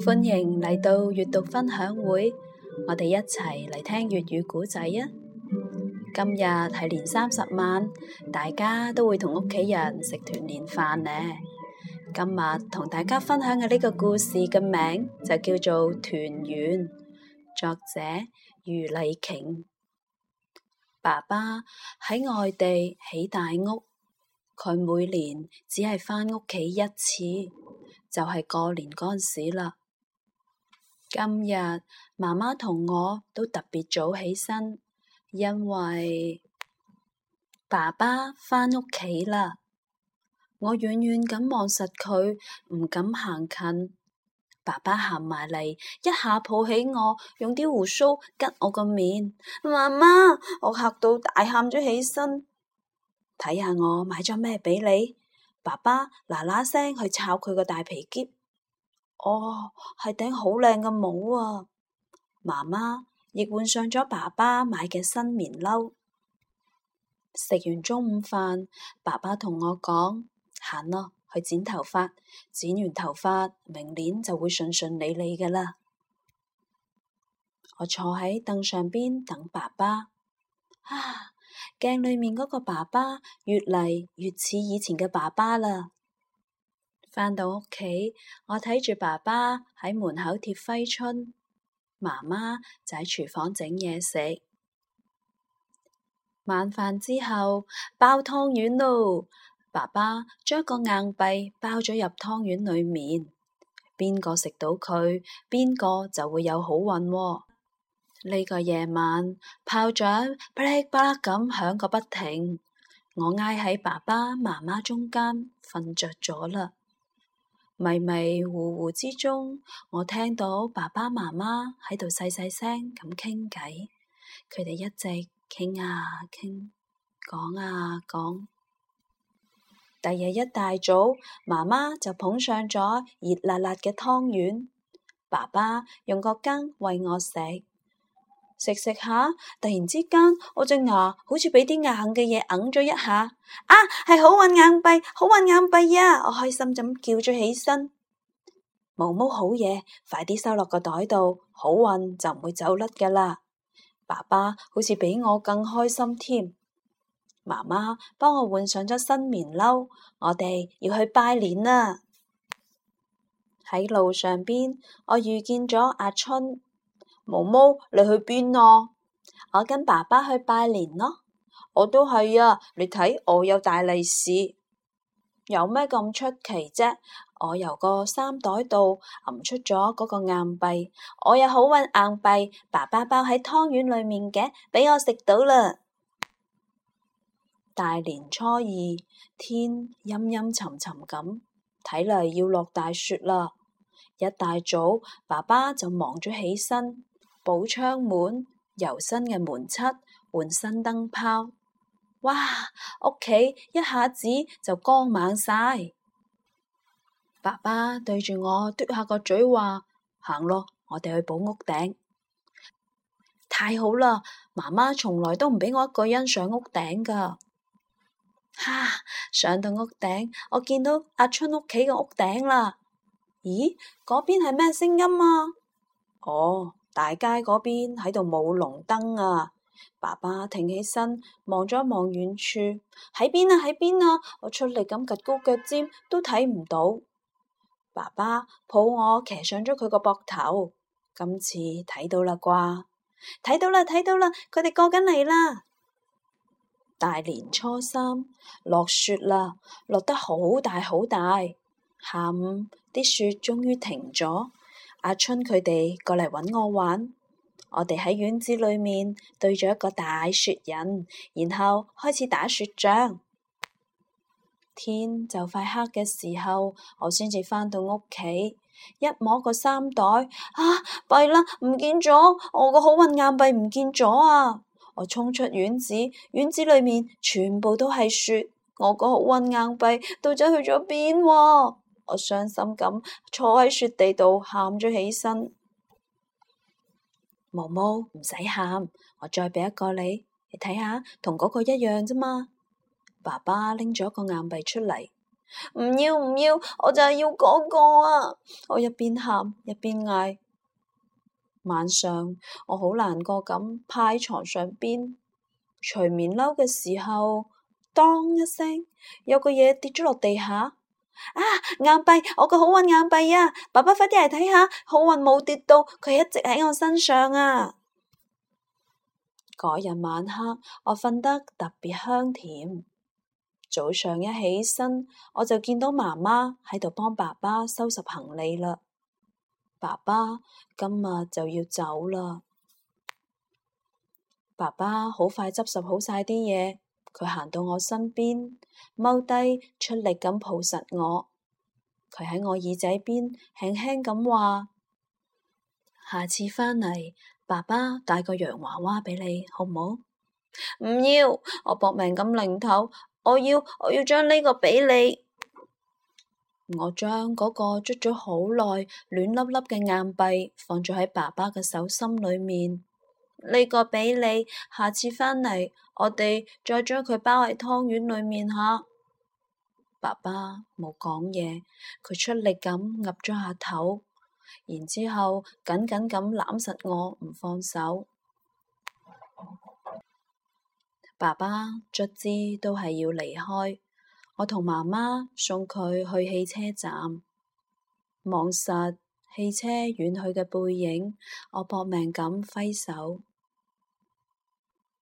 歡迎嚟到閱讀分享會，我哋一齊嚟聽粵語古仔啊！今日係年三十晚，大家都會同屋企人食團年飯呢。今日同大家分享嘅呢個故事嘅名就叫做《團圓》，作者余麗瓊。爸爸喺外地起大屋，佢每年只係返屋企一次，就係過年嗰時啦。今日媽媽同我都特別早起身，因為爸爸返屋企啦。我遠遠咁望實佢，唔敢行近。爸爸行埋嚟，一下抱起我，用啲鬍鬚吉我個面。媽媽，我嚇到大喊咗起身。睇下我買咗咩俾你！爸爸嗱嗱聲去炒佢個大皮篋。哦，係頂好靚嘅帽啊！媽媽亦換上咗爸爸買嘅新棉褸。食完中午飯，爸爸同我講：行咯，去剪頭髮。剪完頭髮，明年就會順順利利㗎啦。我坐喺凳上邊等爸爸。啊，鏡裏面嗰個爸爸越嚟越似以前嘅爸爸啦。返到屋企，我睇住爸爸喺門口貼揮春，媽媽就喺廚房整嘢食。晚飯之後包湯圓咯，爸爸將一個硬幣包咗入湯圓裏面，邊個食到佢，邊個就會有好運、哦。呢、這個夜晚炮仗噼里啪啦咁響個不停，我挨喺爸爸媽媽中間瞓着咗啦。迷迷糊糊之中，我聽到爸爸媽媽喺度細細聲咁傾偈，佢哋一直傾啊傾，講啊講。第二日一大早，媽媽就捧上咗熱辣辣嘅湯圓，爸爸用個羹餵我食。食食下，突然之間，我隻牙好似俾啲硬嘅嘢揞咗一下。啊，係好運硬幣，好運硬幣啊！我開心咁叫咗起身。毛毛好嘢，快啲收落個袋度，好運就唔會走甩噶啦。爸爸好似比我更開心添。媽媽幫我換上咗新棉褸，我哋要去拜年啦。喺路上邊，我遇見咗阿春。毛毛，你去邊咯？我跟爸爸去拜年咯。我都係啊！你睇我有大利是。有咩咁出奇啫？我由個衫袋度揞出咗嗰個硬幣，我有好運硬幣，爸爸包喺湯圓裏面嘅，俾我食到啦。大年初二，天陰陰沉沉咁，睇嚟要落大雪啦。一大早，爸爸就忙咗起身。補窗門，油新嘅門漆，換新燈泡，哇！屋企一下子就光猛晒。爸爸對住我嘟下個嘴，話，行咯，我哋去補屋頂。太好啦！媽媽從來都唔俾我一個人上屋頂噶。哈、啊！上到屋頂，我見到阿春屋企嘅屋頂啦。咦？嗰邊係咩聲音啊？哦。大街嗰邊喺度舞龍燈啊！爸爸停起身望咗望遠處，喺邊啊，喺邊啊！我出力咁趌高腳尖都睇唔到。爸爸抱我騎上咗佢個膊頭，今次睇到啦啩！睇到啦，睇到啦，佢哋過緊嚟啦！大年初三落雪啦，落得好大好大。下午啲雪終於停咗。阿春佢哋過嚟搵我玩，我哋喺院子裏面對咗一個大雪人，然後開始打雪仗。天就快黑嘅時候，我先至返到屋企，一摸個衫袋，啊，弊啦，唔見咗，我個好運硬幣唔見咗啊！我衝出院子，院子裏面全部都係雪，我個好運硬幣到咗去咗邊啊？我傷心咁坐喺雪地度，喊咗起身。毛毛唔使喊，我再俾一個你，你睇下同嗰個一樣啫嘛。爸爸拎咗個硬幣出嚟，唔要唔要，我就係要嗰個啊！我一邊喊一邊嗌。晚上我好難過咁趴喺床上邊，除棉褸嘅時候，當一聲有個嘢跌咗落地下。啊！硬幣，我個好運硬幣啊！爸爸快啲嚟睇下，好運冇跌到，佢一直喺我身上啊！嗰日晚黑，我瞓得特別香甜。早上一起身，我就見到媽媽喺度幫爸爸收拾行李啦。爸爸，今日就要走啦。爸爸好快執拾好晒啲嘢。佢行到我身邊，踎低出力咁抱實我。佢喺我耳仔邊輕輕咁話：下次返嚟，爸爸帶個洋娃娃俾你好唔好？唔要！我搏命咁擰頭，我要我要將呢個俾你。我將嗰個捽咗好耐、暖笠笠嘅硬幣，放咗喺爸爸嘅手心裏面。呢個俾你，下次返嚟我哋再將佢包喺湯圓裏面吓。爸爸冇講嘢，佢出力咁岌咗下頭，然之後緊緊咁攬實我唔放手。爸爸卒之都係要離開，我同媽媽送佢去汽車站，望實汽車遠去嘅背影，我搏命咁揮手。